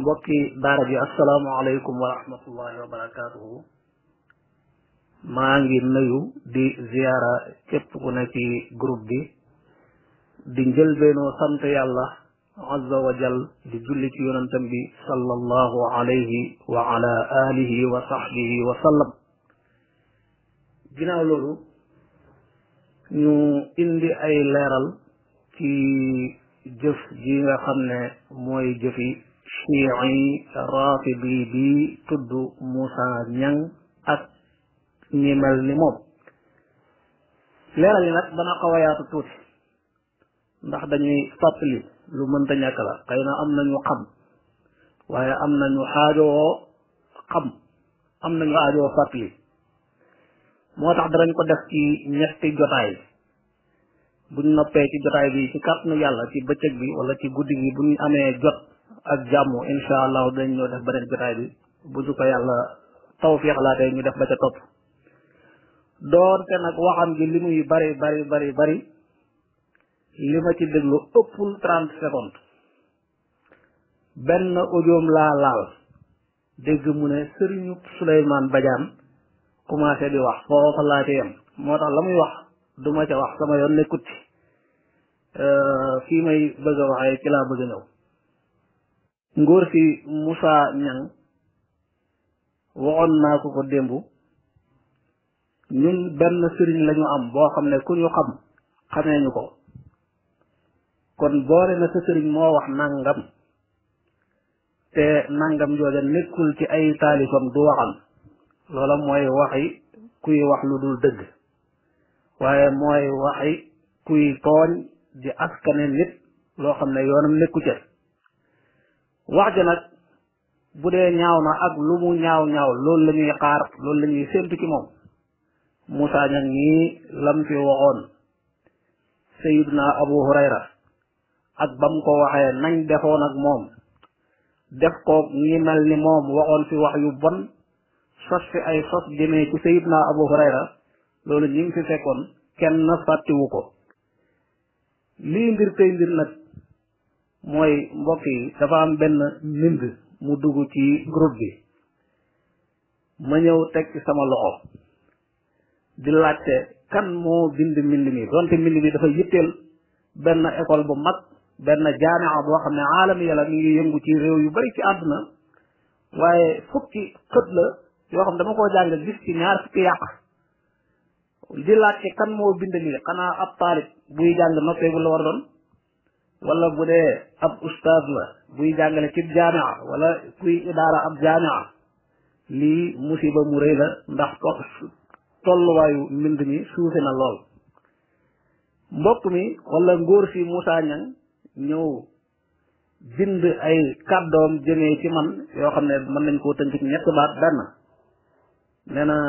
mbokki daara ji asalaamaaleykum wa rahmatullahi wa barakaatuhu maa ngi nuyu di ziyaara képp ku ne ci groupe bi di njëlbeenoo sant yàlla azza wa jal di julli ci yonantam bi alayhi wa ala wa sahbihi wa sallam ginnaaw loolu ñu indi ay leeral ci jëf ji nga xam ne mooy jëfi chiici raatibi bi tudd Moussa Niang ak ñi mel ni moom leeral yi nag dana ko wayaatu tuuti ndax dañuy fàttali lu mënta ñàkk la xëy na am na nañu xam waaye am nañu aajowoo xam am nañu aajowoo fàttali moo tax danañ ko def ci ñetti jotaay buñ noppee ci jotaay bi ci kàttanu yàlla ci bëccëg bi wala ci guddi gi buñ amee jot ak jàmm incha allah dañ ñoo def beneen jotaay bi bu ñu ko yàlla tawfiix laa tey ñu def ba ca topp doonte nag waxam gi li muy bari bari bari bari li ma ci déglu ëppul trente secondes benn audioom laa laal dégg mu ne sëriñu Souleymane Badiane commencé di wax foofa laa ci yem moo tax la muy wax du ma ca wax sama yoon nekkut ci euh, fii may bëgg a waxee ci laa bëgg ñëw ngóor si Moussa Niang waxoon naa ko ko démb ñun benn sëriñ lañu am boo xam ne ku ñu xam xamee ñu ko kon boole na sa sëriñ moo wax nangam te nangam jooja nekkul ci ay taalifam du waxam loola mooy waxi kuy wax lu dul dëgg waaye mooy waxi kuy tooñ di askane nit loo xam ne yoonam nekku ca wax ja nag bu dee ñaaw na ak lu mu ñaaw ñaaw loolu lañuy ñuy xaar loolu la ñuy séntu ci moom Moussa ñag ñii lam fi waxoon Sayyidna Abu Hurayra ak bam ko waxee nañ defoon ak moom def ko ñi mel ni moom waxoon fi wax yu bon sos fi ay sos jëmee ci Sayyidna Abu Hurayra loolu ñi ngi fi fekkoon kenn fàttiwu ko lii mbir tey mbir mooy mbokk yi dafa am benn mbind mu dugg ci groupe bi ma ñëw teg ci sama loxo di laajte kan moo bind mbind mi donte mbind mi dafa yitteel benn école bu mag benn jaamia boo xam ne aalami yàlla mi yëngu ci réew yu bari ci àdduna waaye fukki xët la yoo xam dama koo jàng gis ci ñaar fukki yàq di laajte kan moo bind mi xanaa ab taalib buy jàng noppeegu la war doon wala bu dee ab ustaaz la buy jàngale ci jaamia wala kuy idaara ab jaamia lii musiba mu rëy la ndax tolluwaayu mbind mi suufe na lool mbokk mi wala ngóor si musa Niang ñëw bind ay kàddoom jëmee ci man yoo xam ne mën nañ koo tënk ci ñetti baat benn nee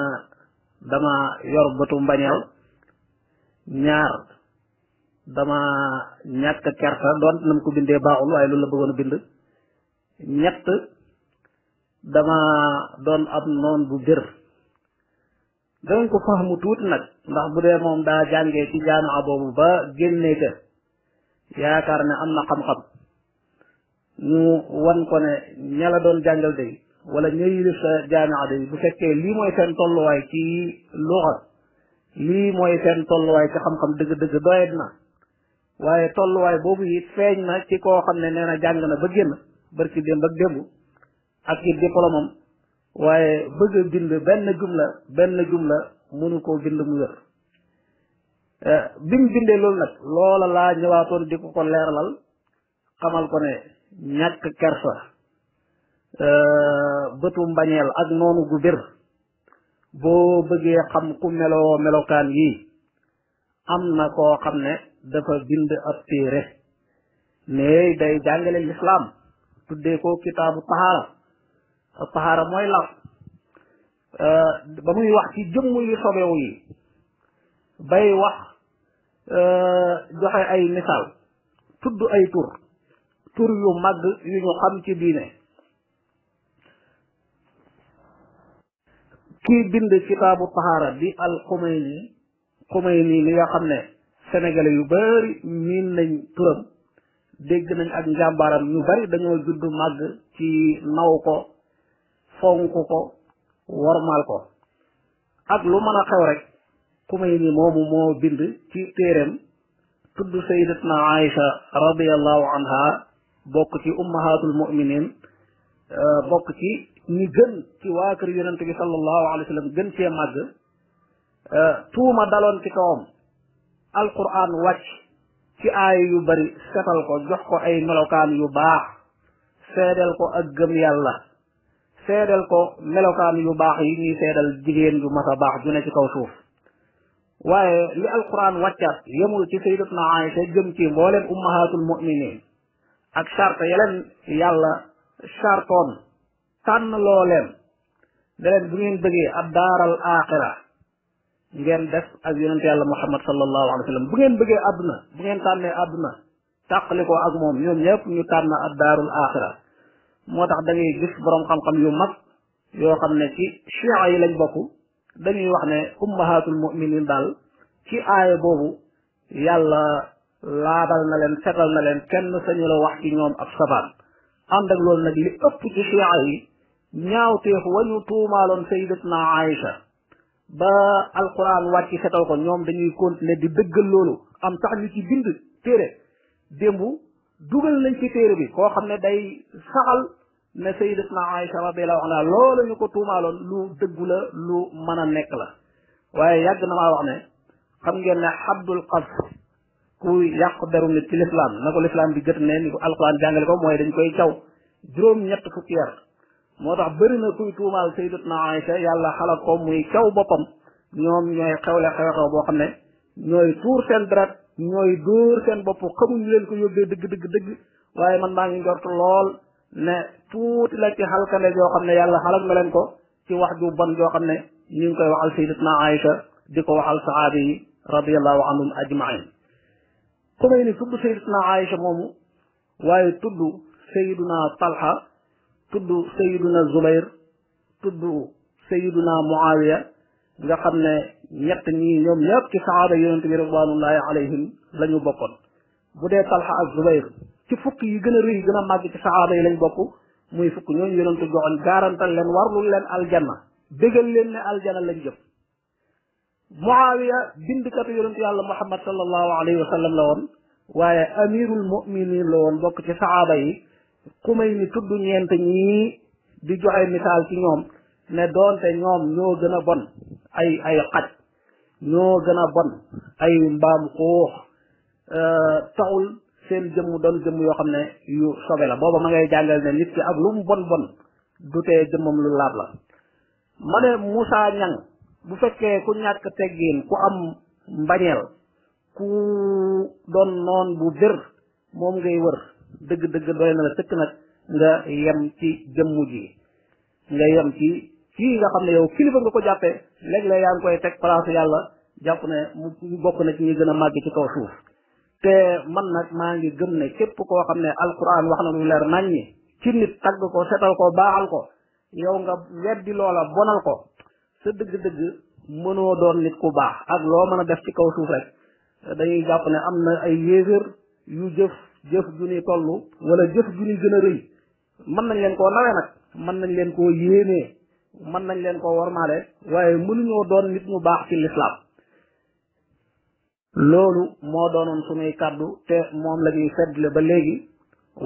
dama yor bëtu mbañeel ñaar dama ñàkk kerta doon nam ko bindee baaxul waaye loolu la bëggoon a bind ñett dama doon ab noon bu bir danga ko faxamu tuuti nag ndax bu dee moom daa jàngee ci jaami'a boobu ba génnee ka yaakaar ne am na xam-xam ñu wan ko ne ña doon jàngal day wala ñëyi def sa jaami'a day bu fekkee lii mooy seen tolluwaay ci luxa lii mooy seen tolluwaay ci xam-xam dëgg-dëgg doyet na waaye tolluwaay boobu it feeñ na ci koo xam ne nee na jàng na ba génn barki démb ak démb ak it diplôme waaye bëgg a bind benn jumla benn jumla mënu koo bind mu wér eh, bi bindee loolu nag loola laa ñëwaatoon di ko ko leeralal xamal ko ne ñàkk kersa eh, bëtu mbañeel ak noonu gu bir boo bëggee xam ku meloo melokaan yii am na koo xam ne dafa bind ab téere ne day jàngale lislaam tuddee ko kitaabu tahaara ak mooy law euh, ba muy wax ci jëmm yu sobewu yi bay wax euh, joxe ay misaal tudd ay tur tur yu màgg yu ñu xam ci diine kii bind kitaabu tahaara bi al Xumayni Xumayni mi nga xam ne sénégalais yu bari miin nañ turam dégg nañ ak njàmbaaram ñu bari dañoo judd màgg ci naw ko fonk ko wormaal ko ak lu a xew rek ku may ni moomu moo bind ci téereem tudd sayyidatna Aïcha radiallahu anha bokk ci ummahatul muminin euh, bokk ci ñi gën ci waa kër yonente bi sallallahu alayhi wa gën cee màgg euh, tuuma daloon ci kawam alquran wàcc ci aaya yu bari setal ko jox ko ay melokaan yu baax seedal ko ak gëm yàlla seedal ko melokaan yu baax yi ñuy seedal jigéen ju mas a baax ju ne ci kaw suuf waaye li alquran wàccaat yemul ci sayyidatuna Aïcha jëm ci mbooleem ummahatul muminin ak charte yeleen yàlla chartoon tànn loo leen ne leen bu ngeen bëggee ab daaral aaxira ngeen def ak yonent yàlla muhammad sallallahu alayhi wasallam bu ngeen bëggee aduna bu ngeen tànnee aduna tàqali ak moom ñoom ñëpp ñu tànn ak daarul axira moo tax da ngay gis borom xam-xam yu mag yoo xam ne ci shia yi lañ bokku dañuy wax ne ummahatul muminin dal ci aaya boobu yàlla laabal na leen setal na leen kenn sañu la wax ci ñoom ak sabaan ànd ak loolu nag li ëpp ci shia yi ñaawteef wañu tuumaaloon sayyidatna aïsha ba alquran wàcc setal ko ñoom dañuy continuer di dëggal loolu am sax ñu ci bind téere démb dugal nañ ci téere bi koo xam ne day saxal ne sayyidatna Aïcha radiyallahu anha loolu ñu ko tuumaaloon lu dëggu la lu mën a nekk la waaye yàgg na maa wax ne xam ngeen ne xabdul qas ku yàqu deru nit ci lislaam na ko lislaam bi gët ne ni ko alquran jàngale ko mooy dañ koy caw juróom ñett fukki yar moo tax bëri na kuy tuumaal sayyidatuna Aïcha yàlla xalaat ko muy caw boppam ñoom ñooy xewle xew-xew boo xam ne ñooy tuur seen deret ñooy dóor seen bopp xamuñu leen ko yóbbee dëgg dëgg dëgg waaye man maa ngi njort lool ne tuuti la ci xalkande joo xam ne yàlla xalak na ko ci wax ju bon joo xam ne ñu ngi koy waxal sayyidatuna Aïcha di ko a saxaabi yi a anhum ajmain xumay ni tudd sayyidatuna Aïcha moomu waaye tudd sayyiduna Talha tudd sayiduna zubayr tudd sayiduna muawiya nga xam ne ñett ñi ñoom ñëpp ci saxaaba yonente bi ridwanullahi alayhim la lañu bokkoon bu dee talxa ak zubayr ci fukk yi gën a rëy gën a màgg ci saxaaba yi lañ bokk muy fukk ñooñu yonente joxoon garantal leen warlul leen aljanna bégal leen ne aljana lañ jëm muawiya bindkatu yonentu yàlla muhammad sallallahu alayhi wa sallam la woon waaye amirul muminin la woon bokk ci saxaaba yi ku may ni tudd ñeent ñii di joxe misaal ci ñoom ne doonte ñoom ñoo gën a bon ay ay xaj ñoo gën a bon ay mbaam xuux euh, taxul seen jëmm doon jëmm yoo xam ne yu sobe la booba ma ngay jàngal ne nit ki ak lu bon bon du jëmmam lu laab la ma ne Moussa Ñang bu fekkee ku ñàkk teggiin ku am mbañeel ku doon noon bu bir moom ngay wër dëgg-dëgg doy na la sëkk nag nga yem ci jëmm ji nga yem ci kii nga xam ne yow kilifa nga ko jàppe léeg-léeg yaa ngi koy teg place yàlla jàpp ne mu bokk na ci ñi gën a màgg ci kaw suuf te man nag maa ngi gëm ne képp koo xam ne alquran wax na lu leer nañ ñi ci nit tagg ko setal ko baaxal ko yow nga weddi loola bonal ko sa dëgg-dëgg mënoo doon nit ku baax ak loo mën a def ci kaw suuf rek dañuy jàpp ne am na ay yéefér yu jëf jëf ju ni toll wala jëf ju ni gën a rëy mën nañ leen koo nawe nag mën nañ leen koo yéenee man nañ leen koo warmaale waaye mënuñoo doon nit ñu baax ci lislaam loolu moo doon suñuy kàddu te moom lañuy ñuy feddle ba léegi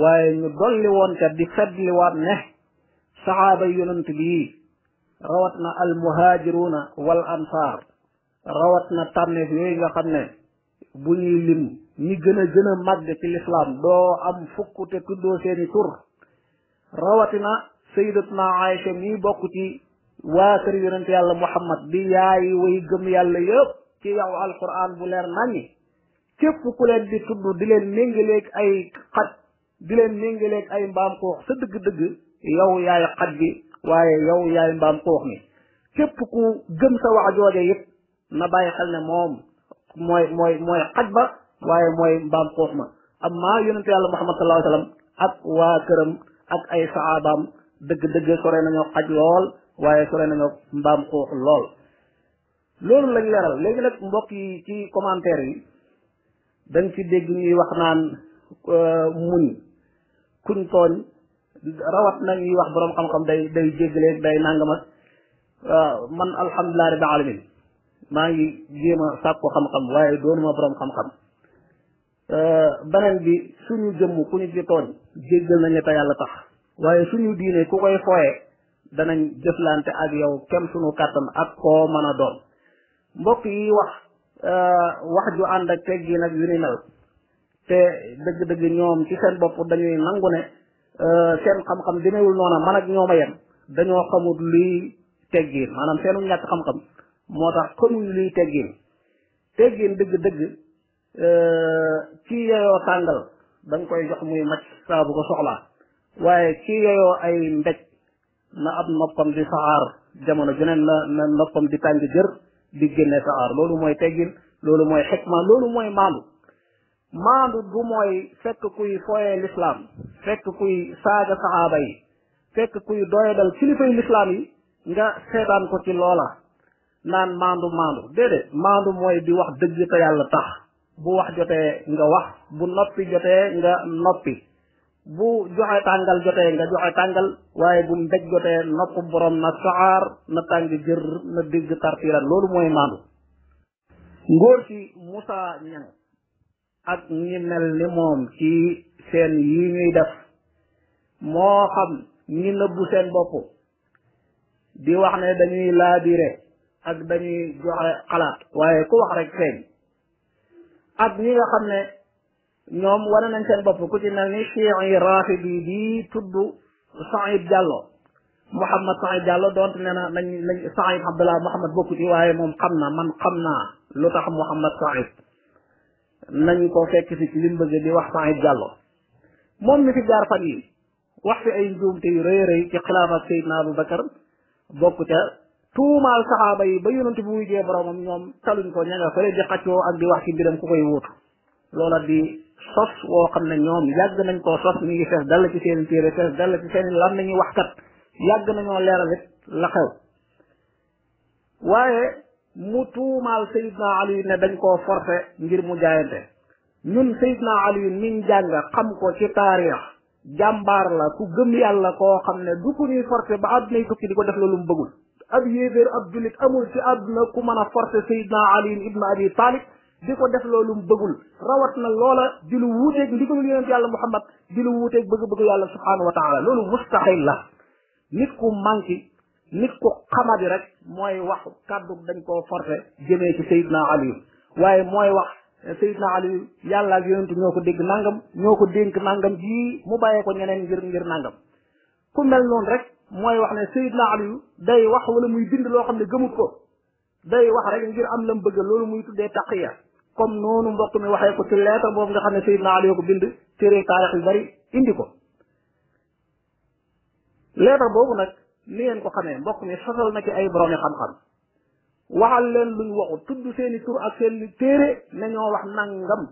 waaye ñu dolli woon te di feddliwaat ne saxaaba yonant bii rawat na al muhaajiruuna wal ansaar rawat na tànneef yooyu nga xam ne bu ñuy lim ñi gën a gën a màgg ci lislaam doo am fukk te tuddoo seeni tur rawatina sayidatuna Aïcha mii bokk waa kër yonent yàlla Muhammad bi yaayi way gëm yàlla yëpp ci yow alquran bu leer naññi képp ku leen di tudd di leen méngaleeg ay xaj di leen méngaleeg ay mbaam koox sa dëgg-dëgg yow yaay xaj bi waaye yow yaay mbaam koox mi képp ku gëm sa wax jooje na bàyyi xel ne moom mooy mooy mooy ba waaye mooy mbaam xoox ma amma yonentu yàlla muhammad sallallahu alayhi wa sallam ak waa këram ak ay saabaam dëgg-dëgg sore nañoo xaj lool waaye sore nañoo mbaam xoox lool loolu lañ leeral léegi nag mbokk yi ci commentaire yi dañ ci dégg ñuy wax naan euh, muñ kuñ tooñ rawat na ñuy wax boroom xam-xam day day jéggaleeg day nangamat man alhamdulilah rabbil alamin maa ngi jéem a xam-xam waaye doonuma boroom xam-xam Euh, beneen bi suñu jëmm ku ñu ci tooñ jéggal nañ la te yàlla tax waaye suñu diine ku koy fooye danañ jëflante ak yow kem suñu kàttan ak koo mën a doon mbokk yi wax euh, wax ju ànd ak teg gi nag yu ni mel te dëgg-dëgg ñoom ci seen bopp dañuy nangu ne euh, seen xam-xam demewul noona man ak ñoom a yem dañoo xamut luy teggiin maanaam seenu ñàkk xam-xam moo tax xamuñ luy teggiin teggiin dëgg-dëgg Euh, kii yeyoo tàngal da koy jox muy màcc saa bu ko soxlaa waaye kii yeyoo ay mbéj na ab noppam di saxaar jamono juneen na na noppam di tàng jër di génne saxaar loolu mooy teggin loolu mooy xikma loolu mooy maandu maandu du mooy fekk kuy fooyee lislaam fekk kuy saaga saxaaba yi fekk kuy doyadal kilifay lislaam yi nga seetaan ko ci loola naan maandu maandu déedéet maandu mooy di wax dëgg te yàlla tax bu wax jotee nga wax bu noppi jotee nga noppi bu joxe tàngal jotee nga joxe tàngal waaye bu mbéj jotee nopp borom na soxaar na tàng jër na digg tartiran loolu mooy maandu ngóor si Moussa Niang ak ñi mel ni moom ci seen yi ñuy def moo xam ñi nëbbu seen bopp di wax ne dañuy laabire ak dañuy joxe xalaat waaye ku wax rek feeñ ak ñi nga xam ne ñoom wane nañ seen bopp ku ci mel ni chiites yi rafidi bi tudd Saïd Diallo Mouhamed Saïd Diallo donte nee na nañ nañ Saïd Abdallah waaye moom xam na man xam naa lu tax Mouhamed Saïd nañ ko fekk si ci li mu bëgg di wax Saïd Diallo moom mi fi jaar fan wax fi ay njuumte yu rëy rëy ci xilaafa Seydina Bakar bokk tuumaal saxaaba yi ba yonent bu wujjee boromam ñoom taluñ ko ña nga fële di xaccoo ak di wax ci mbiram ku koy wuutu loola di sos woo xam ne ñoom yàgg nañ koo sos mi ngi fees dal ci seen téere fees dal ci seen lan nañuy waxkat yàgg nañoo leeral it la xew waaye mu tuumaal Seydina Ali ne dañ koo forcé ngir mu jaayante ñun Seydina Ali niñ jàng xam ko ci taarix jàmbaar la ku gëm yàlla koo xam ne du ku ñuy forcé ba àdduna yi tukki di ko def la lu bëggul ab yéeféer ab jullit amul ci àdduna ku mën a forcer Seydina Ali ibn Abi Talib di ko def loolu mu bëggul rawat na loola di lu wuuteeg ndigalul yonent yàlla Muhammad di lu wuuteeg bëgg-bëgg yàlla subhaanahu wa taala loolu mustaxil la nit ku manqué nit ku xamadi rek mooy wax kàddu dañ koo forcer jëmee ci Seydina Ali waaye mooy wax eh, Seydina Ali yàlla ak yonent ñoo ko dégg nangam ñoo ko dénk nangam jii mu bàyyee ko ñeneen ngir ngir nangam ku mel noonu rek mooy wax ne Seydina Aliou day wax wala muy bind loo xam ne gëmut ko day wax rek ngir am lam bëgg loolu muy tuddee taqiya comme noonu mbokk mi waxee ko ci lettre boobu nga xam ne Seydina Aliou ko bind téere taarix yu bari indi ko lettre boobu nag ni ngeen ko xamee mbokk mi sosal na ci ay boroomi xam-xam waxal leen luñ waxu tudd seeni tur ak seeni téere nañoo wax nangam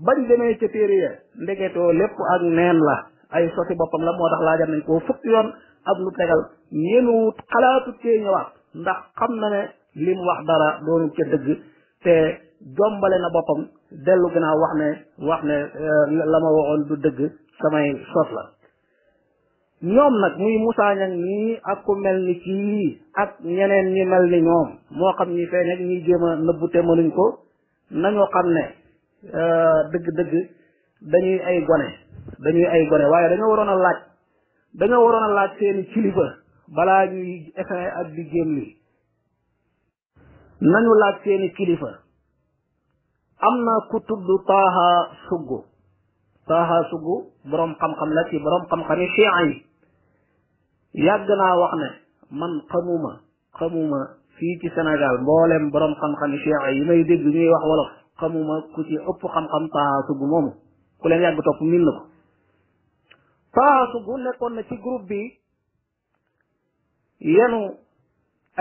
bañ demee ca téere ya ndegetoo lépp ak neen la ay sosi boppam la moo tax laajal nañ koo fukki yoon ak lu tegal yéenuwut xalaatu cee ñëwaat ndax xam na ne li wax dara doonu ca dëgg te jombale na boppam dellu gannaaw wax ne wax ne eh, la ma waxoon du dëgg samay sos la ñoom nag muy musaa Niang nii ak ku mel ni kii ak ñeneen ñi mel ni ñoom moo xam ñi fee nekk ñi jéem a nëbbu te mënuñ ko nañoo xam ne eh, dëgg-dëgg dañuy ay gone dañuy ay gone waaye dañoo waroon a laaj dañoo waroon a laaj seeni kilifa balaa ñuy essayé ak di génn li nañu laaj seeni kilifa am na ku tudd taaha sugg taaha sugg boroom xam-xam la ci boroom xam-xam yi chia yi yàgg naa wax ne man xamuma xamuma fii ci Sénégal mboolem boroom xam-xam yi chia yi may dégg ñuy wax wolof xamuma ku ci ëpp xam-xam taaha sugg moomu ku leen yàgg topp min na ko taasu bu nekkoon na ci groupe bi yenu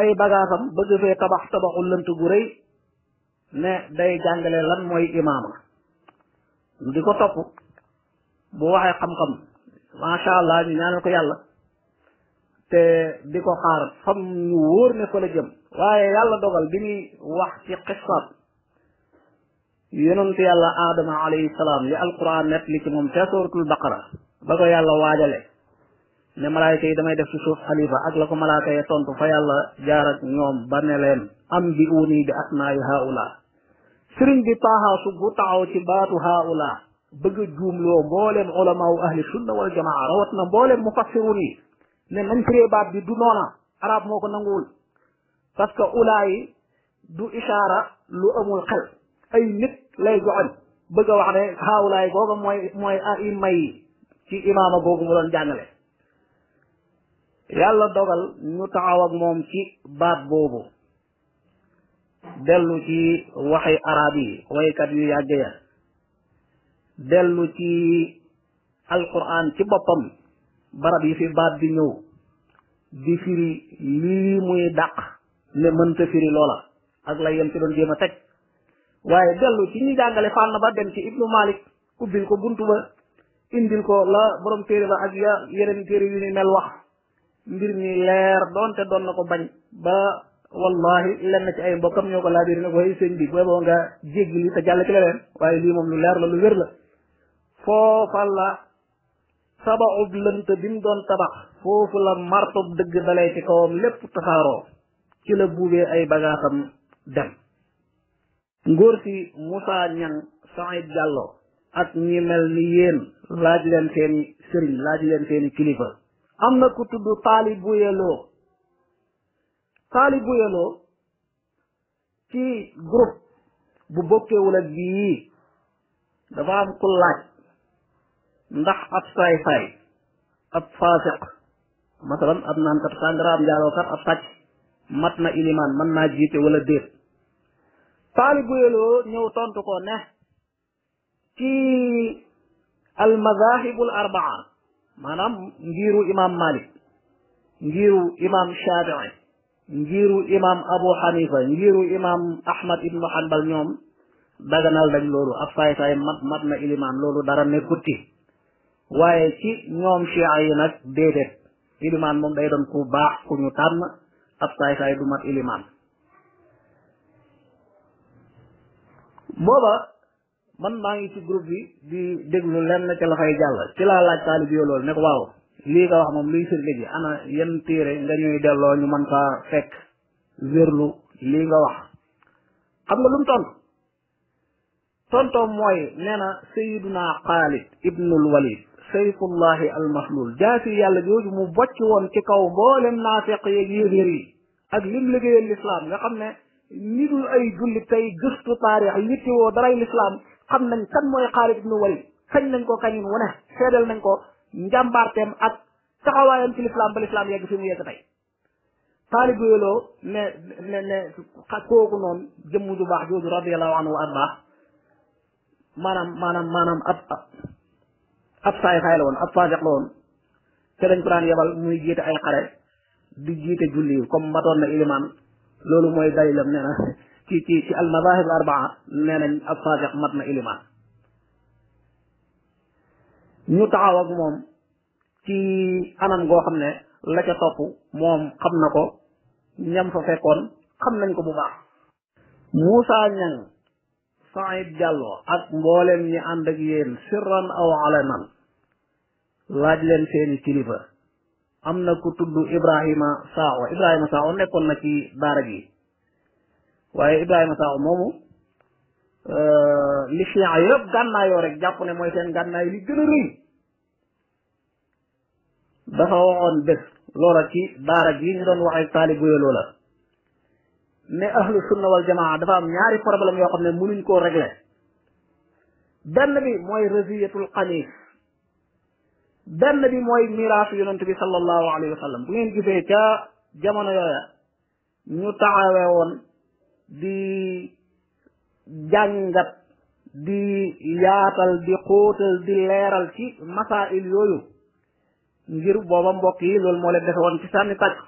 ay bagaasam bëgg fee tabax tabaxu lënt gu rëy ne day jàngale lan mooy imaama di ko topp bu waxee xam-xam macha allah ñu ñaanal ko yàlla te di ko xaar fam ñu ne fa la jëm waaye yàlla dogal bi muy wax ci xisaat yonent yàlla aadama alayhi salaam yi alquran net li ci moom te suratul baqara ba ko yàlla waajale ne malaayka yi damay def ci suuf xalifa ak la ko malaayka yi tontu fa yàlla jaar ak ñoom ba ne am bi bi asnaayi haula sëriñ bi paaxaasu bu taxaw ci baatu haula bëgg a juumloo mbooleem ulamaawu ahli sunna wal rawat na mbooleem mufassirun ne nañ firee baat bi du noona arab moo ko nanguwul parce que du ishaara lu amul xel ay nit lay joxoñ bëgg a wax ne haawulaay googa mooy mooy a may ci imaama googu mu doon jàngale yàlla dogal ñu taxaw moom ci baat boobu dellu ci waxi arab yi waykat yu yàgg ya dellu ci alquran ci boppam barab yi fi baat bi ñëw di firi lii muy dàq ne mënta firi loola ak la yem ci doon jéem a teg waaye dellu ci ñi jàngale fànn ba dem ci ibnu malik ubbil ko buntu ba indil ko la borom téere ba ak ya yeneen téere yu ni mel wax mbir mi leer doonte doon na ko bañ ba wallahi lenn ci ay mbokkam ñoo ko laabir ne ko ay sëñ bi booy boo nga jéggi li te jàll ci leneen waaye lii moom lu leer la lu wér la foofa la sabaub lënt bi mu doon tabax foofu la martob dëgg dalee ci kawam lépp tasaaroo ci la buubee ay bagaasam dem ngóor si Moussa Niang Saïd ak ñi mel ni yéen laaj leen seeni sëriñ laaj leen seeni kilifa am na ku tudd taalibu yeloo taalibu yeloo ci groupe bu bokkewul ak bii dafa am ku laaj ndax ab saay-saay ab faasiq masalan ab naankat sàngara ab njaalookat ab sàcc mat na ilimaan mën naa jiite wala déet taalibu yeloo ñëw tontu ko ne ci al madahibul arbaa maanaam ngiiru imam malik ngiiru imam shafii ngiiru imam abu hanifa ngiiru imam ahmad ibnu hanbal ñoom daganal dañ loolu ab saay mat mat na ilimaan loolu dara nekkut ci waaye ci ñoom chia yi nag déedéet ilimaan moom day doon ku baax ku ñu tànn ab saay saay du mat ilimaan man maa ngi ci groupe bi di déglu lenn ca la fay jàll ci laa laaj taalib yoo loolu ne waaw lii nga wax moom luy firnde ji ana yenn téere nga ñuy delloo ñu man faa fekk wérlu lii nga wax xam nga lu mu tontu tontoom mooy nee na sayiduna xaalid ibnul walid sayfullahi almahlul jaasi yàlla jooju mu bocc woon ci kaw mboolem naafeq yeeg yéeféer yi ak lim liggéeyal lislaam nga xam ne ñi dul ay jullit tey gëstu taarix yittewoo daray lislaam xam nañ kan mooy Xaalid ibnu Walid kañ nañ ko kañin wu ne nañ ko njàmbaarteem ak taxawaayam ci lislaam ba lislaam yegg fi mu yegg tey taalibu yooloo ne ne kooku noonu jëmm ju baax jooju radiallahu anhu wa arda maanaam maanaam maanaam ab ab saay saay la woon ab faasiq la woon te dañ muy jiite ay xare di jiite julli comme matoon na ilimaan loolu mooy dalilam nee ci ci ci al arbaa nee nañ ab faasiq mat na ilimaan ñu taxaw moom ci anam goo xam ne la ca topp moom xam na ko ñam fa fekkoon xam nañ ko bu baax Moussa Niang Saïd Diallo ak mboolem ñi ànd ak yéen sirran aw alanan laaj leen seeni kilifa am na ku tudd Ibrahima Sakho Ibrahima Sakho nekkoon na ci daara gi waaye Ibrahima Sakho moomu euh, li fian yëpp gànnaayoo rek jàpp mooy seen gànnaay li gën a dafa waxoon bés loola ci daara ji ñu doon waxee taalibu yo loola ne ahlu sunna wal dafa am ñaari problème yoo xam ne mënuñ koo régler benn bi mooy rasiyatul xaniif benn bi mooy miraasu yonent bi sallallahu alayhi wa sallam bu ngeen gisee ca jamono yooya ñu taxawee woon di jàngat di yaatal di xóotal di leeral ci masail yooyu ngir booba mbokk yi loolu moo leen defe woon ci sànni tàcc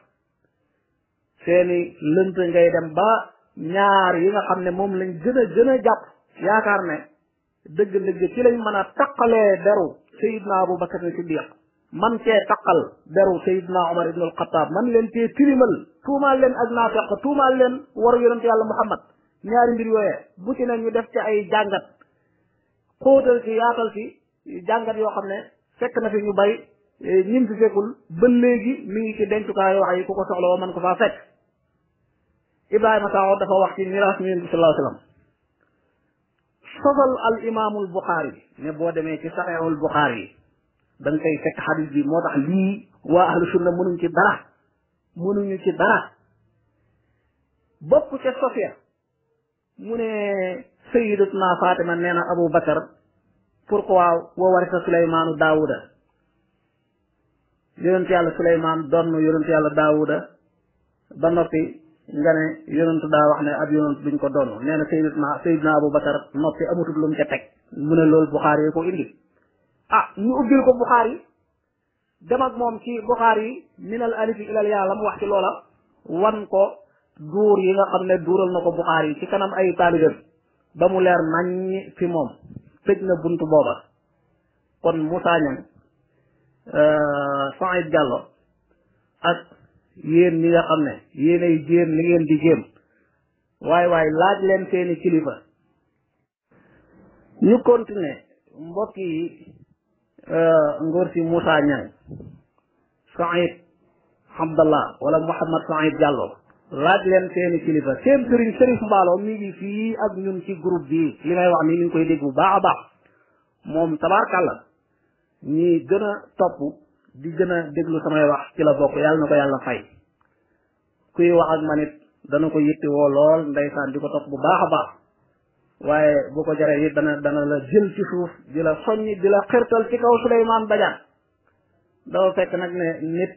seeni lënt ngay dem ba ñaar yi nga xam ne moom lañ gën a gën a jàpp yaakaar ne dëgg-dëgg ci lañ mën a taqalee deru Seydina Abubakar Siddiq man cee taqal deru sayidna omar ibn alxataab man leen cee tilimal tuumaal leen ak naafeq tuumaal leen waru yonent yàlla muhammad ñaari mbir yooyee bu ci ne ñu def ci ay jàngat xóotal ci yaatal ci jàngat yoo xam ne fekk na fi ñu bari ñim fi fekkul ba léegi mu ngi ci dencukaay wax yi ku ko soxla woo man ko faa fekk ibrahima saaxo dafa wax ci miraas mi yonent bi sallallahu alayhi wasallam al imaamul ne boo demee ci saxeexul buxaari yi da koy fekk xadis bi moo tax lii waa ahlu sunna mënuñ ci dara mënuñu ci dara bokk ca Sofia mu ne sayidatuna Fatima nee na Abu Bakar pourquoi wa warisa Suleymaanu Daawuda yonent yàlla Suleymaan donn yonent yàlla Daawuda ba noppi nga ne yonent daa wax ne ab yonent duñ ko donn nee na sayidatuna sayidna Abu Bakar noppi amatul lu mu ca teg mu ne loolu Buxaari ko indi ah ñu ubbil ko Buxaari dem ak moom ci Buxaari minal alifi ilal yaa la mu wax ci loola wan ko duur yi nga xam ne duural na ko Buxaari ci kanam ay taalibam ba mu leer naññ fi moom tëj na bunt booba kon Moussa Niang euh, Saïd Diallo ak yéen ñi nga xam ne yéenay jéem li ngeen di gém waaye waaye laaj leen seeni kilifa ñu continuer mbokk yi Eh, ngóor si Moussa Niang Saïd wala Mouhamad Saïd Diallo laaj leen seeni kilifa seen sëriñ Sërif Mballo mi ngi fii ak ñun ci groupe bi li may wax nii mi ngi koy dégg bu baax a baax moom tabaarkàlla ñi gën a topp di gën a déglu samay wax ci la bokk yàlla na ko yàlla fay kuy wax ak man it dana ko yittewoo lool ndeysaan di ko topp bu baax baax waaye bu ko jaree yi dana dana la jël ci di la soññ di la xirtal ci kaw Souleymane Badiane dafa fekk nag ne nit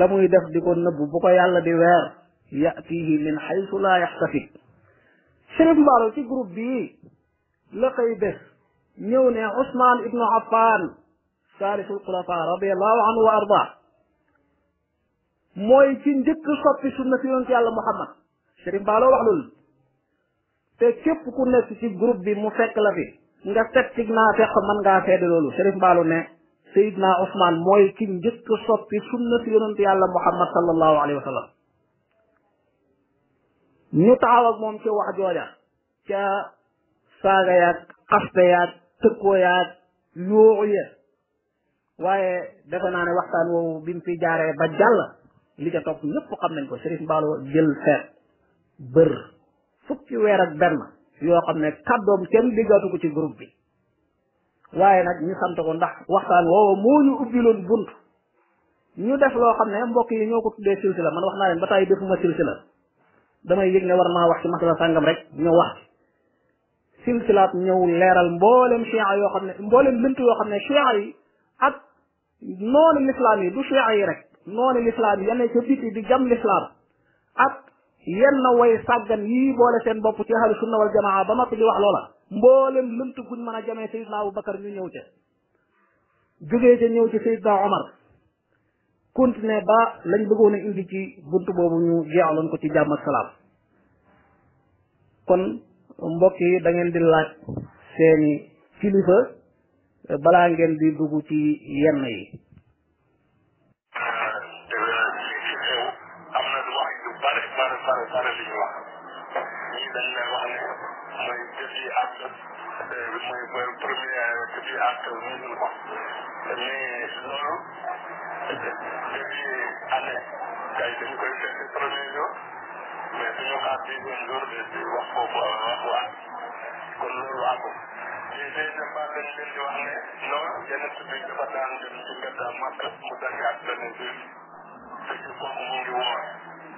la muy def di ko nëbb bu ko yàlla di weer yatihi min xaytu laa yaxtasib Chérif Mbaalo ci groupe bii la xëy bés ñëw ne Ousmane ibnu Affan saalisul xulafa radiallahu wa arda mooy ci njëkk soppi sunna si yonent yàlla Muhammad Chérif Mbaalo wax loolu te képp ku nekk ci groupe bi mu fekk la fi nga set ci naa fekk mën ngaa seede loolu Chérif Mbaalu ne Seydina Ousmane mooy ki njëkk soppi sunna si yonent yàlla Muhammad sallallahu alayhi wa sallam ñu taxaw ak wax jooja ca saaga yaag xaste yaag tëkkoo yaag yooxu ya waaye defe naa ne waxtaan woowu bi fi jaaree ba jàll li ca topp ñëpp xam nañ ko Chérif Mbaalu jël seet bër fukki weer ak benn yoo xam ne kàddoom kenn déggatu ko ci groupe bi waaye nag ñu sant ko ndax waxtaan woowa moo ñu ubbiloon bunt ñu def loo xam ne mbokk yi ñoo ko tuddee silsila man wax naa leen ba tàyyi defuma silsila damay yëg ne war naa wax ci masala sàngam rek ñu wax silsilaat ñëw leeral mboolem chia yoo xam ne mboolem lënt yoo xam ne chia yi ak noonu lislaam yi du chia yi rek noonu lislaam yi yane ca biti di jam lislaam ak yenn way sàggan yii boole seen bopp ci ahlu na wal jamaa ba noppi di wax loola mboolem lënt guñ mën a jamee sayidna abou bakar ñu ñëw ca jógee ca ñëw ci sayidna omar continuer ba lañ bëggoon a indi ci bunt boobu ñu jeexaloon ko ci jàmm ak salaam kon mbokk yi da di laaj seeni kilifa balaa ngeen di dugg ci yenn yi satunya dulu ini seluruh jadi aneh kayak itu kayak itu itu biasanya kasih undur dari waktu buat kulur aku jadi tempat yang dijualnya no jadi sudah jabatan dan sudah sama kemudahan dan itu cukup menjual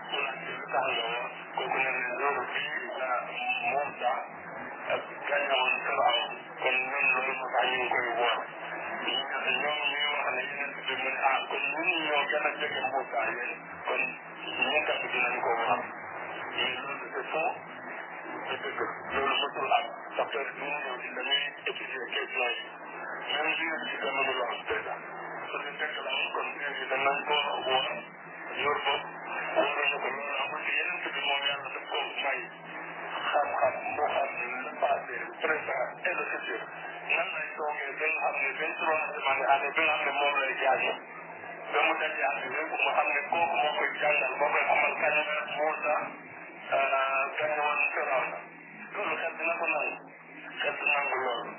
pulang ke tangga kau kena menjual di monta kaya gën a jege mbootaay yéen kon ñeenteel bi dinañ ko mën a am mais loolu de fond de dëgg loolu motul am parce que bu ñu ñëw dañuy étudier question yi même livre yi dana ñu wax dèjà su ñu fekk la am kon livre yi danañ ko war yor ko waruñu ko loolu amul ci yeneen bi moom yàlla daf ko may xam-xam moo xam ne le passé présent et le futur nan lay toogee ba nga xam ne 23 semaines année bi nga xam ne moom lay jaajëf ba mu daje ak yooyu mu xam ne kooku moo koy jàngal moo koy xamal kañ la Moussa gañe woon Firawn loolu xel dina ko nangu xel du nangu loolu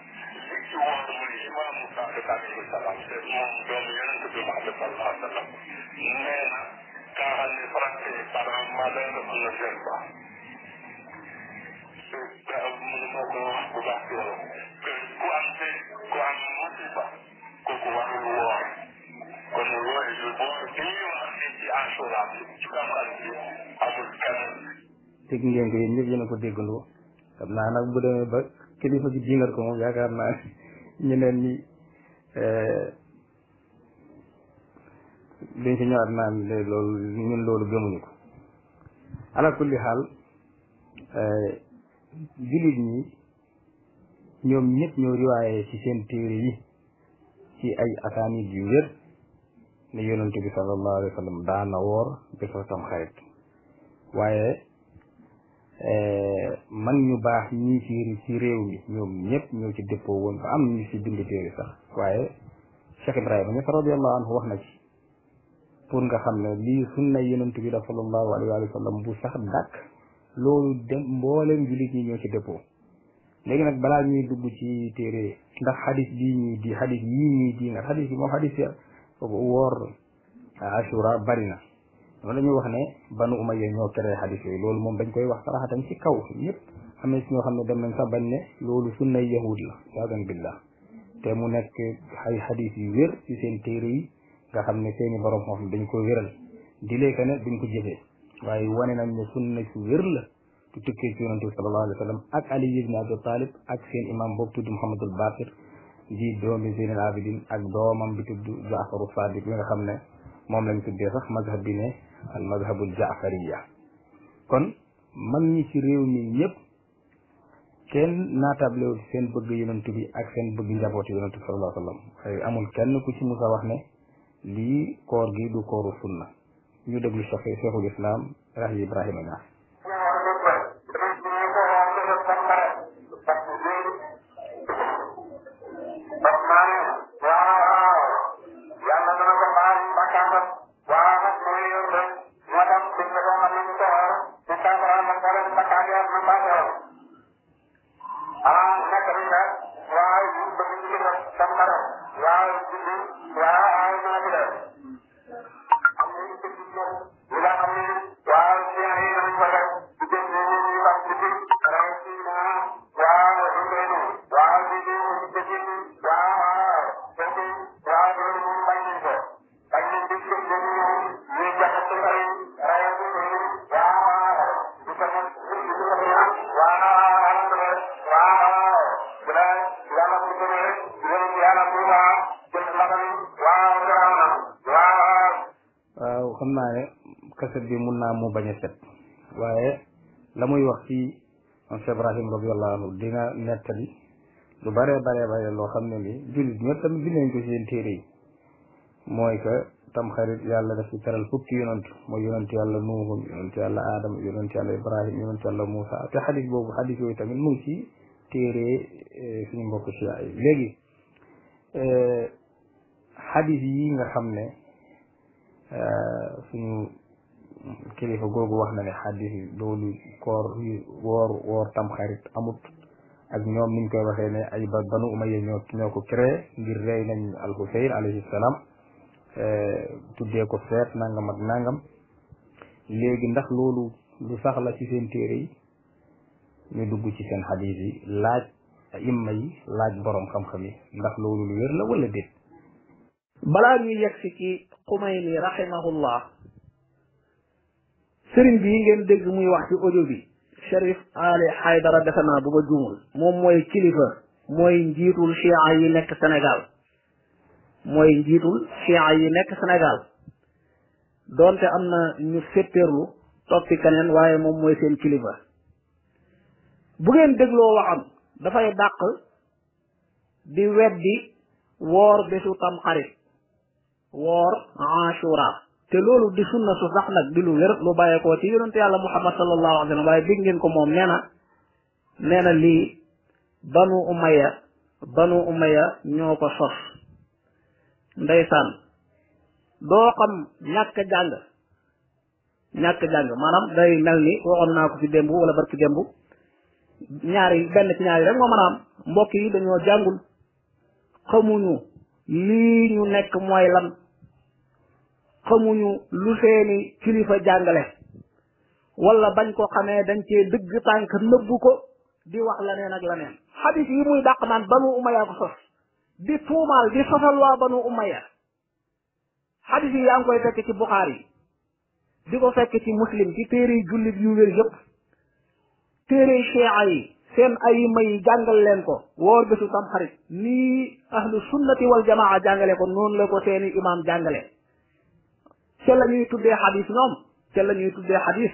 li ci woon mooy imaamu Saafet alayhi salaam te moom doomu yonent bi Muhammad sallallahu alayhi wa sallam nee na quarante mille francs par an malheur on ne gère pas mënuma ko wax bu baax yow que ku am ku am musiba kooku warul woor como lo resolvó démocratie en Solam ci kam xam bi amul kenn tig ngeen ko yéen ñëpp yéen a ko déggandoo xam naa nag bu demee ba kilifa gi dingal ko moom yaakaar naa ñeneen ñi dañ si ñëwaat naan ne loolu ñun loolu gëmuñu ko ala kulli xaal ờ, julit ñi ñoom ñëpp ñoo riwaaye ci seen téere yi ci ay asaanit yu wér ne yonent bi sallallahu alayhi wa sallam daana woor bésu tam xarit waaye eh, man ñu baax ñii ci réew mi ñoom ñépp ñoo ci dëppoo woon ba am ñu ci bind téere sax waaye Cheikh Ibrahima Ñas radiyallahu anhu wax na ci pour nga xam ne lii sunna yonent bi la sallallahu alayhi wa sallam bu sax dàkk loolu dem mbooleem jullit ñi ñoo ci dëppoo léegi nag balaa ñuy dugg ci téere ndax xadis bii ñii di xadis yii ñii di nga xadis yi moom xadis ya woor ashura bari na noonu la ñuy wax ne banu umayya ñoo créé xadis yooyu loolu moom dañ koy wax saraxatan ci kaw ñëpp am na si ñoo xam ne dem nañ sax bañ ne loolu sunna yahud la waagan billah te mu nekk ay xadis yu ci seen téere yi nga xam ne seeni borom xam dañ ko wéral di leeka ne duñ ko jëfee waaye wane nañ ne sunna su wér la tu tukkee ci yonente bi sallallahu alayhi wa sallam ak ali ibn abi talib ak seen imam boobu tudd muhammadul baqir di doomi Zeynal Abidin ak doomam bi tudd Jaafaru Sadiq bi nga xam ne moom lañ tuddee sax mazhab bi ne al mazhabul jaafariya kon mag ñi ci réew mi ñëpp kenn naatablewul seen bëgg yonent ak seen bëgg njabooti yonent bi sallallahu wa sallam amul kenn ku ci musa wax ne lii koor gi du kooru sunna ñu déglu cheikh cheikhul islam rahi ibrahima ñaas xam naa bi mun naa mu bañ set waaye la muy wax ci moom Cheikh Ibrahim radiyallahu anhu dina nettali lu bare bare bare loo xam ne li jullit ñëpp tamit bind nañ ko ci seen mooy que tamxarit yàlla daf ci fukki yonant mooy yonant yàlla nuuhum yonant yàlla aadama yonant yàlla ibrahim yonant yàlla moussa te xadis boobu xadis yooyu tamit mu ngi ci téere eh, suñu mbokk ci ay léegi eh, xadis yi nga xam ne Euh, suñu kilifa googu wax na ne xaddis yi loolu koor woor woor tamxarit amut ak ñoom niñ koy waxee ne ay ba banu umayya ñoo ñoo ko créé ngir rey nañ al Husayn alayhi salaam euh, tuddee ko feet nangam ak nangam léegi ndax loolu lu sax la ci seen téere yi ñu dugg ci seen xadiis yi laaj imma yi laaj boroom xam-xam yi ndax loolu lu wér la wala déet balaa ñuy yegg si ci Xumayni rahimahullah sëriñ bi ngeen dégg muy wax ci audio bi Cherif Ali Haydara defe naa bu ma moom mooy kilifa mooy njiitul chia yi nekk Sénégal mooy njiitul chia yi nekk senegal doonte am na ñu féttéerlu toppi waaye moom mooy seen kilifa bu ngeen dégloo waxam dafay dàq di weddi woor bésu tam xarit woor ashura te loolu di sunna su sax nag di lu wér lu bàyyeekoo ci yonent yàlla muhammad sallallahu alayhi wa sallam waaye dégg ngeen ko moom nee na nee na lii banu umaya banu umaya ñoo ko sos ndeysaan doo xam ñàkk jàng ñàkk jàng maanaam day mel ni waxoon naa ko ci démb wala barki démb ñaari benn ci ñaari rek moo mën a yi dañoo jàngul xamuñu lii ñu nekk mooy lan xamuñu lu seeni kilifa jàngale walla bañ ko xamee dañ cee dëgg tànk nëbbu ko di wax laneen ak laneen xadis yi muy dàq naan banu umaya ko sos di tuumaal di sosal waa banu umaya xadis yi yaa koy fekk ci buxaar di ko fekk ci muslim ci téere jullit yu wér yëpp téere cheikh yi seen ay may jàngal leen ko woor bésu tam xarit nii ahlu sunnati wal jàngale ko noonu la ko seeni imaam jàngale ca la ñuy tuddee xadis ñoom ca la ñuy tuddee xadis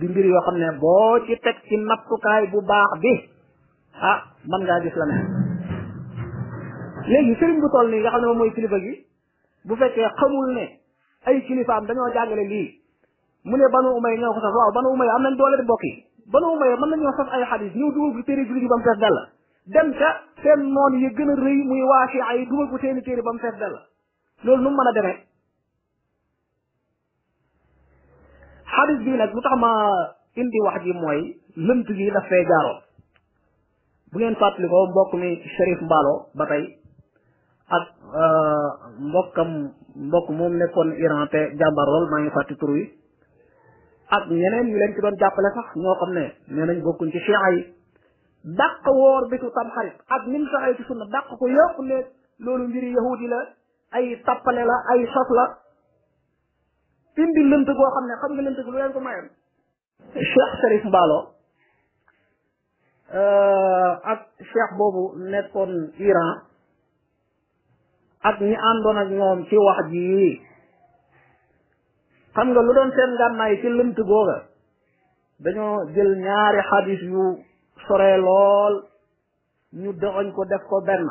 di mbir yoo xam ne boo ci teg ci nattukaay bu baax bi ah mën ngaa gis la ne léegi sëriñ bu toll nii nga xam ne moom mooy kilifa gi bu fekkee xamul ne ay kilifaam dañoo jàngale lii mu ne banu umay ñoo ko sax waaw banu umay am nañ doole di bokk yi banu umayya mën nañoo saf ay xadis ñëw dugal ko téere jullit yi ba mu dem ca seen noon yi gën a rëy muy waa si ay dugal ko seeni téere ba mu fees loolu nu mu mën a demee xadis bii nag lu tax ma indi wax ji mooy lënt gi daf fee jaaroon bu ngeen fàttali ko mbokk mi Chérif Mballo ba tey ak euh, mbokkam mbokk moom nekkoon Iran te jàmbar lool maa ngi fàtti tur wi ak ñeneen ñu leen ci doon jàppale sax ñoo xam ne nee nañ bokkuñ ci chia yi dàq woor bisu tamxarit ak nim saxee ci sunna dàq ko yëpp ne loolu mbiri yahudi la ay tappale la ay sos la indi lënt goo xam ne xam nga lënt lu leen ko mayoon cheikh Serif Mballo euh, ak cheikh boobu nekkoon Iran ak ñi àndoon ak ñoom ci wax ji xam nga lu doon seen ngànnaay ci lënt googa dañoo jël ñaari xadis yu sore lool ñu doxoñ ko def ko benn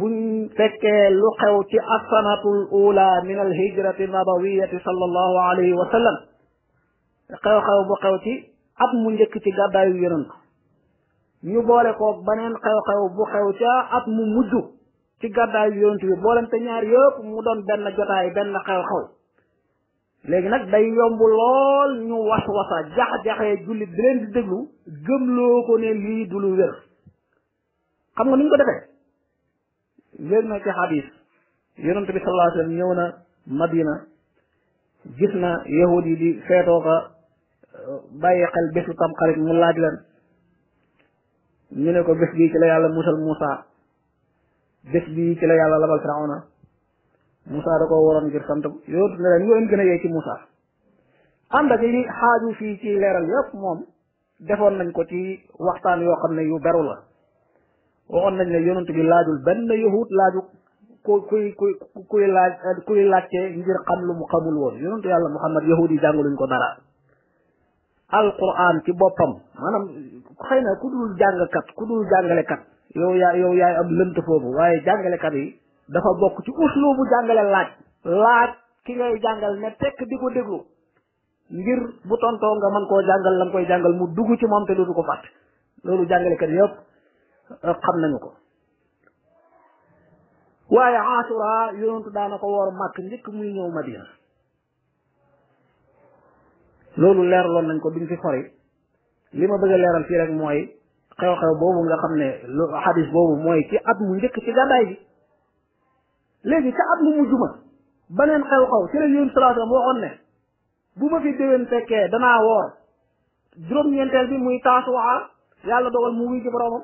buñ fekkee lu xew ci assanatul ula min al hijrati nabawiyati sallallahu alayhi wa xew-xew bu xew ci at mu njëkk ci gàddaayu yonent ñu boole ko beneen xew-xew bu xew ca at mu mujj ci gàddaayu yonent bi boolem te ñaar yëpp mu doon benn jotaay benn xew-xew léegi nag day yomb lool ñu wax wasa jax-jaxee jullit bi leen di déglu gëmloo ko ne lii du lu wér xam nga ni ñu ko defee léegi na ci xadis yonente bi sallallahu alayhi wasallam ñëw na madina gis na yahud yi di feetoo ko bàyyi xel bésu tam xarit mu laaj leen ñu ne ko bés bii ci la yàlla musal Moussa bés bii ci la yàlla labal Firawna Moussa da waroon ngir sant yooyu ne leen yoo leen gën a yee ci Moussa ànd ak li xaaju fii ci leeral yépp moom defoon nañ ko ci waxtaan yoo xam ne yu beru la waxoon nañ ne yonent bi laajul benn yahut laaju ku kuy laaj kuy laajte ngir xam lu mu xamul woon yonent yàlla Muhammad yahut yi jàngaluñ ko dara alquran ci boppam maanaam xëy na ku dul jàngkat ku dul jàngalekat yow yaa yaay am lënt foofu waaye jàngalekat yi dafa bokk ci uslu bu jàngale laaj laaj ki ngay jàngal ne tekk di ko déglu ngir bu tontoo nga mën koo jàngal la nga koy jàngal mu dugg ci moom te dootu ko fàtte loolu jàngalekat yëpp euh, xam nañu ko waaye asura yonentu daana ko woor màkk njëkk muy ñëw madina loolu leerloon nañ ko duñ fi xori li ma bëgg a leeral fii rek mooy xew-xew boobu nga xam ne lu boobu mooy ci at mu njëkk ci gàddaay bi léegi ca at mu mujj ma beneen xew-xew ci la yéen salaatu am ne bu ma fi déwén fekkee danaa woor juróom-ñeenteel bi muy taasuwaa yàlla dogal mu wuy ci boroomam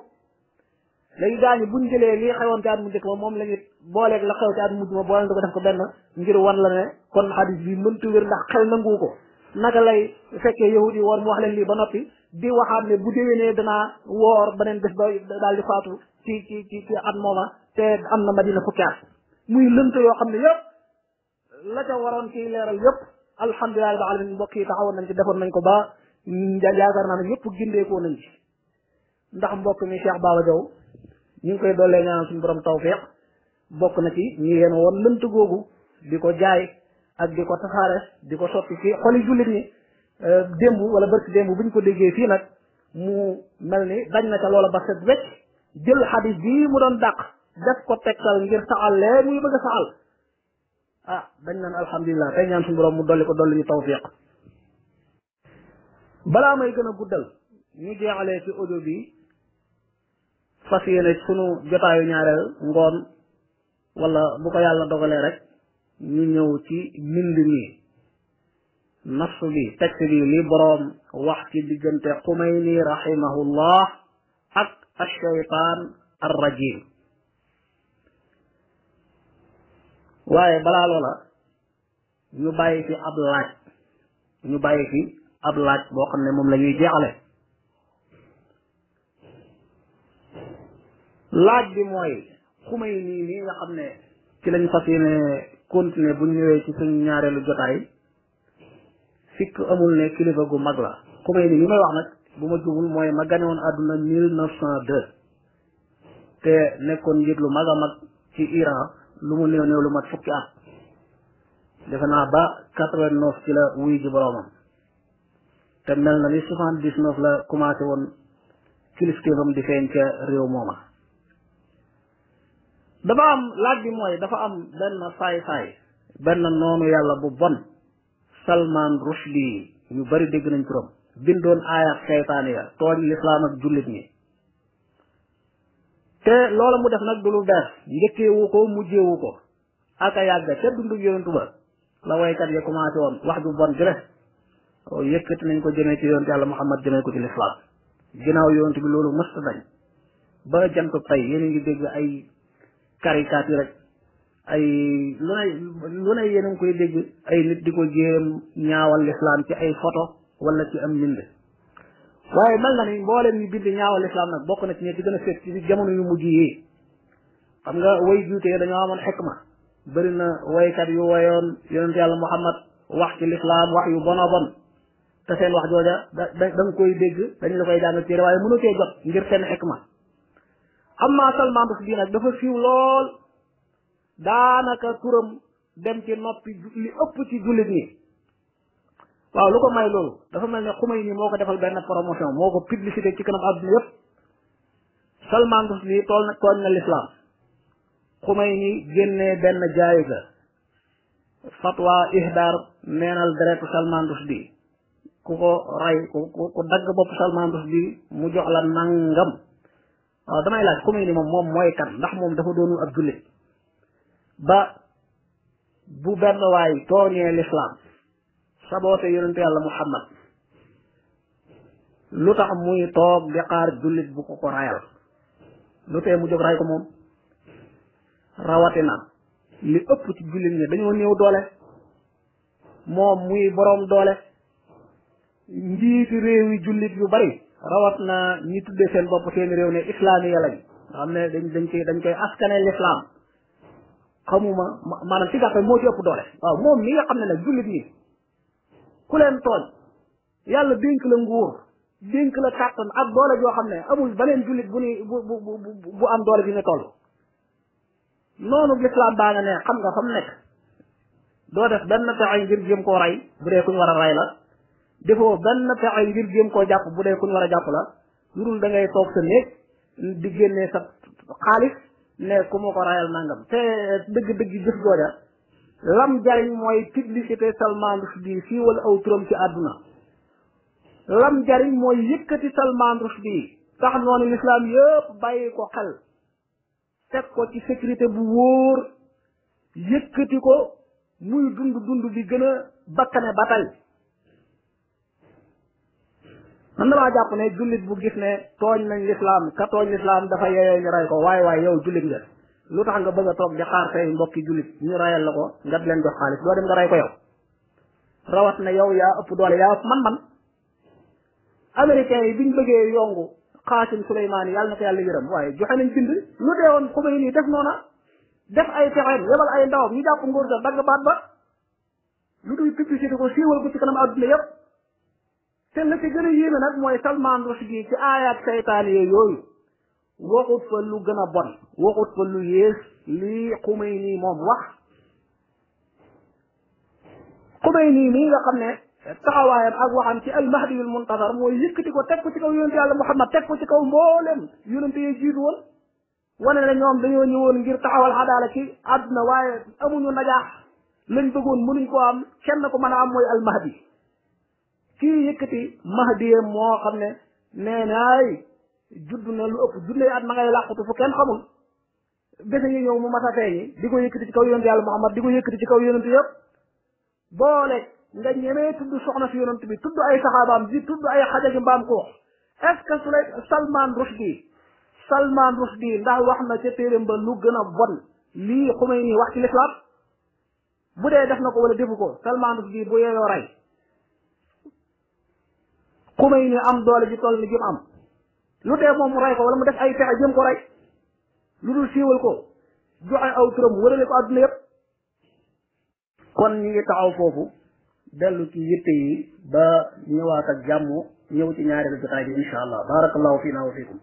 léegi gaa ñi buñ jëlee li xewoon ci at mu njëkk moom la ñu booleeg la xew ci at mujj ma boole di ko benn ngir wan la ne kon xadis bi mënta wér ndax xel nangu ko naka lay fekkee yahud yi woor mu ba noppi di waxaat bu déwénee danaa beneen bés ba daal di faatu ci ci ci ci at mooma te am na madina fukki at muy lënt yoo xam ne yëpp la ca waroon ciy leeral yépp alhamdulilah rabbil alamin mbokk yi taxawoon nañ ci defoon nañ ko ba yaakaar naa ne yëpp gindeekoo nañ ci ndax mbokk mi Cheikh Baba Diaw ñu ngi koy doolee ñaanal suñu borom tawfiq bokk na ci ñu yéen woon lënt googu di ko jaay ak di ko tasaare di ko sotti ci xoli jullit ñi euh, démb wala barki démb bu ñu ko déggee fii nag mu mel ni dañ na ca loola ba set jël xadis bii mu doon dàq def ko tegtal ngir saxal lee muy bëgg a saxal ah dañ naan alhamdulilah tey ñaan suñu borom mu dolli ko dolli ñu tawfiq balaa may gën a guddal ñu jeexalee ci audio bi fas yéene sunu jotaayu ñaareel ngoon wala bu ko yàlla dogalee rek ñu ñëw ci mbind mi nas bi texte bi li boroom wax ci diggante xumayni rahimahullah ak alcheytan ar rajim waaye balaa loola ñu bàyyi ci ab laaj ñu bàyyi ci ab laaj boo xam ne moom lañuy ñuy jeexale laaj bi mooy xumay nii nii nga xam ne ci lañ fas yéene continuer bu ñëwee ci suñu ñaareelu jotaay fikk amul ne kilifa gu mag la xumay nii li may wax nag bu ma jugul mooy ma gane woon àdduna mille neuf cent deux te nekkoon njiit lu mag a mag ci Iran lu mu néew néew lu mat fukki at defe naa ba quatre-vingt-neuf ci la wuy ji boroomam te mel na ni soixante-dix-neuf la commencé woon kilifteefam di feeñ ca réew mooma dafa am laaj bi mooy dafa am benn saay-saay benn noonu yàlla bu bon Salman Rushdie ñu bari dégg nañ turam bindoon aaya seytaane ya tooñ lislaam ak jullit ñi te loola mu def nag du lu bees njëkkeewu ko mujjeewu ko ak a yàgg te dundu yonentu ba la waykat ya commencé woon wax ju bon ji rek oh, yëkkati nañ ko jëmee ci yonent yàlla Muhammad jëmee ko ci lislaam ginnaaw yonent bi loolu mësta dañ ba jant tey yéen a dégg ay caricature rek ay lu ne lu ne yéen koy dégg ay nit di ko jéem ñaawal lislaam ci ay photo wala ci am mbind waaye mel na ni mboolem ñu bind ñaawal islam nag bokk na ci ñi di gën a seet ci jamono yu mujj yi xam nga way juutee dañoo amoon xikma bëri na waykat yu wayoon yonent yàlla muhammad wax ci lislaam wax yu bona bon te seen wax jooja da da nga koy dégg dañ la koy jàngal téere waaye mënu cee jot ngir seen xikma amma Salman Rushdie nag dafa siiw lool daanaka turam dem ci noppi li ëpp ci jullit ñi waaw lu ko may loolu dafa mel ne xumay nii moo ko defal benn promotion moo ko publicité ci kanam àdduna yépp Salman Rushdie tool na tooñ na l'islam xumay nii génnee benn jaay ga fatwa ihdaar neenal deretu Salman Rushdie ku ko rey ku ku dagg bopp Salman Rushdie mu jox la nangam waaw damay laaj xumay nii moom moom mooy kan ndax moom dafa doonul ab jullit ba bu benn waay tooñee l'islam saboote yonent yàlla muhammad lu tax muy toog di xaar jullit bu ko ko rayal lu tee mu jóg ray moom rawatina li ëpp ci jullit ñi dañoo néew doole moom muy boroom doole njiiti réew yi jullit yu bari rawat na ñi tuddee seen bopp seen réew ne islaamiya lañ nga xam ne dañ dañ koy dañ koy askane l'islam xamuma maanaam ci moo ci ëpp doole waaw moom mi nga xam ne nag jullit ñi ku leen tooñ yàlla dénk la nguur dénk la kàttan ak doole joo xam ne amul beneen jullit bu ni bu bu bu bu am doole bi nga toll noonu lislaam baa nga ne xam nga fa mu nekk doo def benn pexe ngir jéem koo rey bu dee kuñ war a rey la defoo benn pexe ngir jéem koo jàpp bu dee kuñ war a jàpp la lu dul da toog sa néeg di génne sa xaalis ne ku ma ko rayal nangam te dëgg-dëgg jëf jooja lam jariñ mooy publicité Salman Rushdie fii wala aw turam ci àdduna lam jariñ mooy yëkkati Salman Rushdie tax noonu lislaam yëpp bàyyi ko xel teg ko ci sécurité bu wóor yëkkati ko muy dund dund bi gën a bakkane ba tey man damaa jàpp ne jullit bu gis ne tooñ nañ lislaam ka tooñ lislaam dafa yeyoo ñu rey ko waaye waaye yow jullit nga lu tax nga bëgg a toog di xaar say mbokki jullit ñu rayal la ko nga leen jox xaalis doo dem nga ray ko yow rawat na yow yaa ëpp doole yaa ëpp man-man américains yi biñ bëggee yongu xaasim suleymaan yi yàlla na ko yàlla yërëm waaye joxe nañ bind lu dee woon xubay nii def noona def ay pexeem yebal ay ndawam ñu jàpp nguur ga dagg baat ba lu dul publicité ko siiwal ko ci kanam adduna yépp te la ci gën a yéeme nag mooy Salman Rushdie ci aayaat seytaan yooyu waxut fa gën a bon waxut fa lu yées lii Xumayni moom wax Xumayni mii nga xam ne am ak waxam ci almahdi yul muntazar mooy yëkkati ko tek ko ci kaw yonente yàlla Muhammad teg ko ci kaw mboolem yu yee jiitu woon wane ne ñoom dañoo ñëwoon ngir taxawal xadaala ci àdduna waaye amuñu najaax lañ bëggoon mënuñ ko am kenn ko mën a am mooy almahdi kii yëkkati mahdiyam moo xam ne nee naay judd na lu ëpp junne at ma ngay fu kenn xamul bese yi ñëw mu mas a di ko yëkkati ci kaw yonent yàlla Muhammad di ko yëkkati ci kaw yonent yëpp boole nga ñemee tudd soxna si yonent bi tudd ay saxaabaam di tudd ay xajagi mbaam ko est-ce que su ndax wax na ca téeréem ba lu gën a bon lii Xumayni wax ci lislaam bu dee def na ko wala defu ko Salman Rushdie bu yeeyoo rey Xumayni am doole ji toll ni jim am lu dee moom mu ko wala mu def ay pexe jëm ko rey lu dul siiwal ko joxe aw turam wërale ko àdduna yépp kon ñu ngi taxaw foofu dellu ci yitte yi ba ñëwaat ak jàmm ñëw ci ñaareelu jotaay bi insha allah barakallahu fiina wa fiikum